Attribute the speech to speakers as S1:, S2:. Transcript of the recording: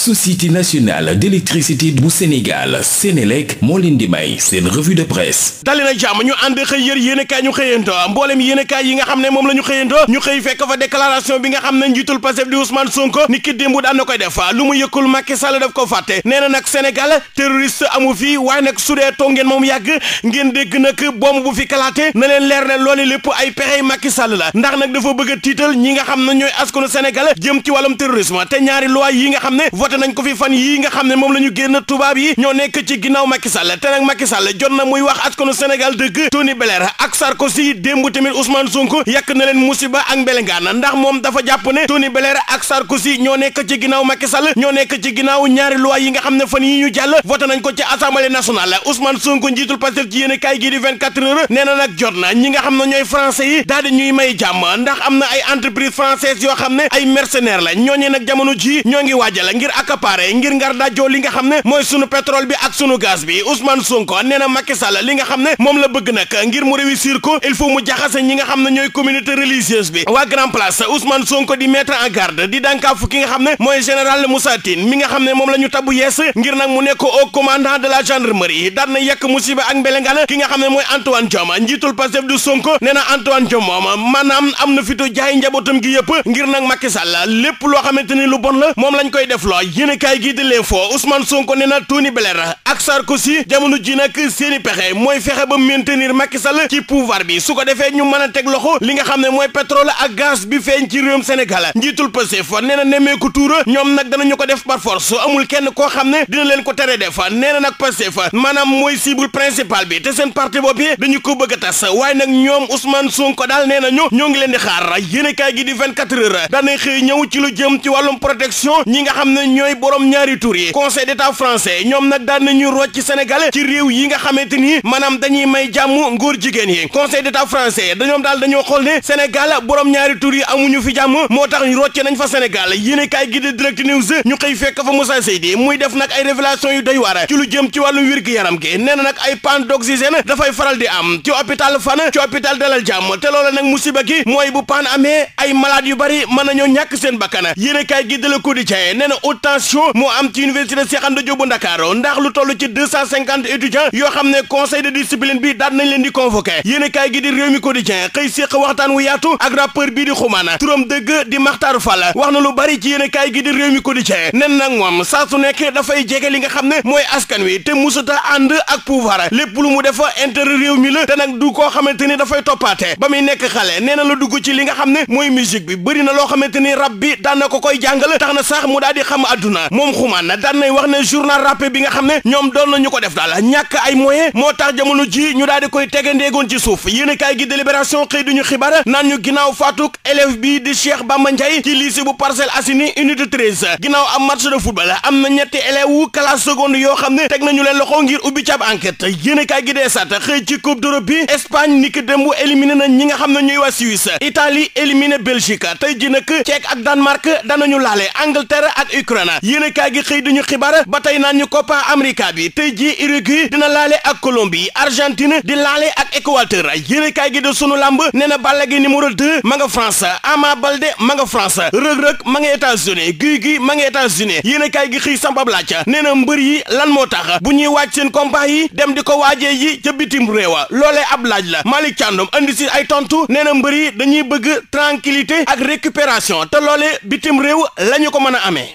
S1: société nationale d'électricité bu Sénégal Sénélec moo leen di may seen revue de presse dali na jàmm ñu ànd xëy yër yéenekaay ñu xëyanto mboolem yéenekaay yi nga xam ne moom la ñu xëyanto ñu xëy fekk fa déclaration bi nga xam ne njiitul Pastef di Ousmane Sonko ni ki démb daan na koy def lu mu yëkkul Macky Sall daf ko fàtte nee na nag Sénégal terroriste amu fi waaye nag su dee toog moom yàgg ngeen dégg nag bomb bu fi kalaate na leen leer ne loole lépp ay pexey ndax nag dafa bëgg a tiital ñi nga xam ne ñooy askanu Sénégal jëm ci wàllum terrorisme te ñaari loi yi nga xam ne woote nañ ko fi fan yii nga xam ne moom la ñu génn tubaab yi ñoo nekk ci ginnaaw Macky Sall te nag Macky Sall jot na muy wax askanu Sénégal dëgg Tony Blair ak Sarkozy démb tamit Ousmane Sonko yàq na leen musiba ak mbelengaan ndax moom dafa jàpp ne Tony Blair ak Sarkozy ñoo nekk ci ginnaaw Macky Sall ñoo nekk ci ginnaaw ñaari loi yi nga xam ne fan yi ñu jàll voté ko ci assemblée nationale Ousmane Sonko njiitul Pastef ci yéen kaay gii di 24 nee na nag jot na ñi nga xam ne ñooy français yi daal di ñuy may jàmm ndax am na ay entreprise française yoo xam ne ay mercenaires la ñooñu nag jamono ji ñoo ngi waajal ngir accaparé ngir ngar dajjoo li nga xam ne mooy sunu pétrole bi ak sunu gaz bi Ousmane Sonko nee na Macky Sall li nga xam ne moom la bëgg nag ngir mu réussir ko il faut mu jaxase ñi nga xam ne ñooy communauté religieuse bi waa Grand Place Ousmane Sonko di mettre en garde di dànkaafu ki nga xam ne mooy général Moussa Tine mi nga xam ne moom la ñu tabu yees ngir na mu nekk au commandant de la gendarmerie daan na yekk musiba ak mbelengana ki nga xam ne mooy Antoine Diome njiitul Pastef du Sonko nee na Antoine Diome moom na fitu jaay njabootam gi yëpp ngir nag Macky Sall lépp loo xamante ni lu bon la moom lañ koy def loo yéen a kaay gi di l'info Ousmane Sonko nee na Tony Blair ak Sarkozy jamono ji na seen i pexe mooy fexe ba maintenir Macky Sall ci pouvoir bi su ko defee ñu mën a teg loxo li nga xam ne mooy pétrole ak gaz bi feeñ ci réewum Sénégal njiitul Pastef nee na nemmeeku tuura ñoom nag ñu ko def par force amul kenn koo xam ne dina leen ko tere def nee na nag Pastef maanaam mooy cible principale bi te seen parti bopp yi dañu ko bëgg a tas waaye nag ñoom Ousmane Sonko daal nee na ñu ñoo ngi leen di xaar a kaay gi di 24 heures daanay xëy ñëw ci lu jëm ci wàllum protection ñi nga xam ne ñooy borom ñaari tur yi conseil d'état français ñoom nag daan nañu rocc Sénégal ci yi nga xamante ni maanaam dañuy may jàmm ngóor jigéen yi conseil d'état français dañoom daal dañoo xool ne Sénégal borom ñaari tur yi amuñu fi jàmm moo tax ñu nañ fa Sénégal yéen kaay gi di direct news ñu xëy fekk fa Moussa Seydi muy def nag ay révélation yu doy waar ci jëm ci wàllum gi yaram gi nee na nag ay panne d'oxygène dafay faral di am ci hôpital Fann ci hôpital Dalal Jàmm te loola nag musiba gi mooy bu panne amee ay tension moo am ci université Cheikh Anta Diop bu ndax lu toll ci deux cent cinquante étudiants yoo xam ne conseil de discipline bi daan nañ leen di convoqué yéen a gi di réew mi quotidien xëy séq waxtaan wu yaatu ak bii di xumaana turam dëgg di Maxtaar Fall wax na lu bari ci yéen a gi di réew mi quotidien nen nag moom saa su nekk dafay jege li nga xam ne mooy askan wi te musuta ànd ak pouvoir lépp lu mu defa intérêt réew mi la te ci li nga àdduna moom xumaan na daan nay wax ne journal rappé bi nga xam ne ñoom doon nañu ko def daal ñàkk ay moyen moo tax jamono ji ñu daal di koy tegandeegoon ci suuf yéen kaay gi délibération xëy duñu xibaar naan ñu ginnaaw faatuk élève bi di Cheikh Bamba Ndiaye ci lycée bu Parcelles Assainies unité 13 ginnaaw am match de football am na ñetti élève wu classe seconde yoo xam ne teg nañu leen loxo ngir ubbi cab enquête yéen kaay gi dee sat xëy ci coupe d'Europe bi Espagne niki démb éliminé ñi nga xam ne ñuy waa Suisse Italie éliminé Belgique tey ji nag Tchèque ak Danemark danañu laale Angleterre ak Ukraine Ghana yéen a gi xëy duñu xibaar ba tey naan ñu Copa America bi tey jii Uruguay dina laale ak Colombie Argentine di laale ak Équateur yéen a kaay gi de sunu lamb nee na Balla Gaye numéro 2 ma nga France Ama Baldé ma nga France rëg-rëg ma nga États-Unis guy gi ma nga États-Unis gi xëy sambab laaj nee na mbër yi lan moo tax bu ñuy wàaj seen combat yi dem di ko waajee yi ca bitim réewa loole ab laaj la Malick Thiandoum andi ay tontu nee na mbër yi dañuy bëgg tranquillité ak récupération te loolee bitim réew la ñu ko mën a amee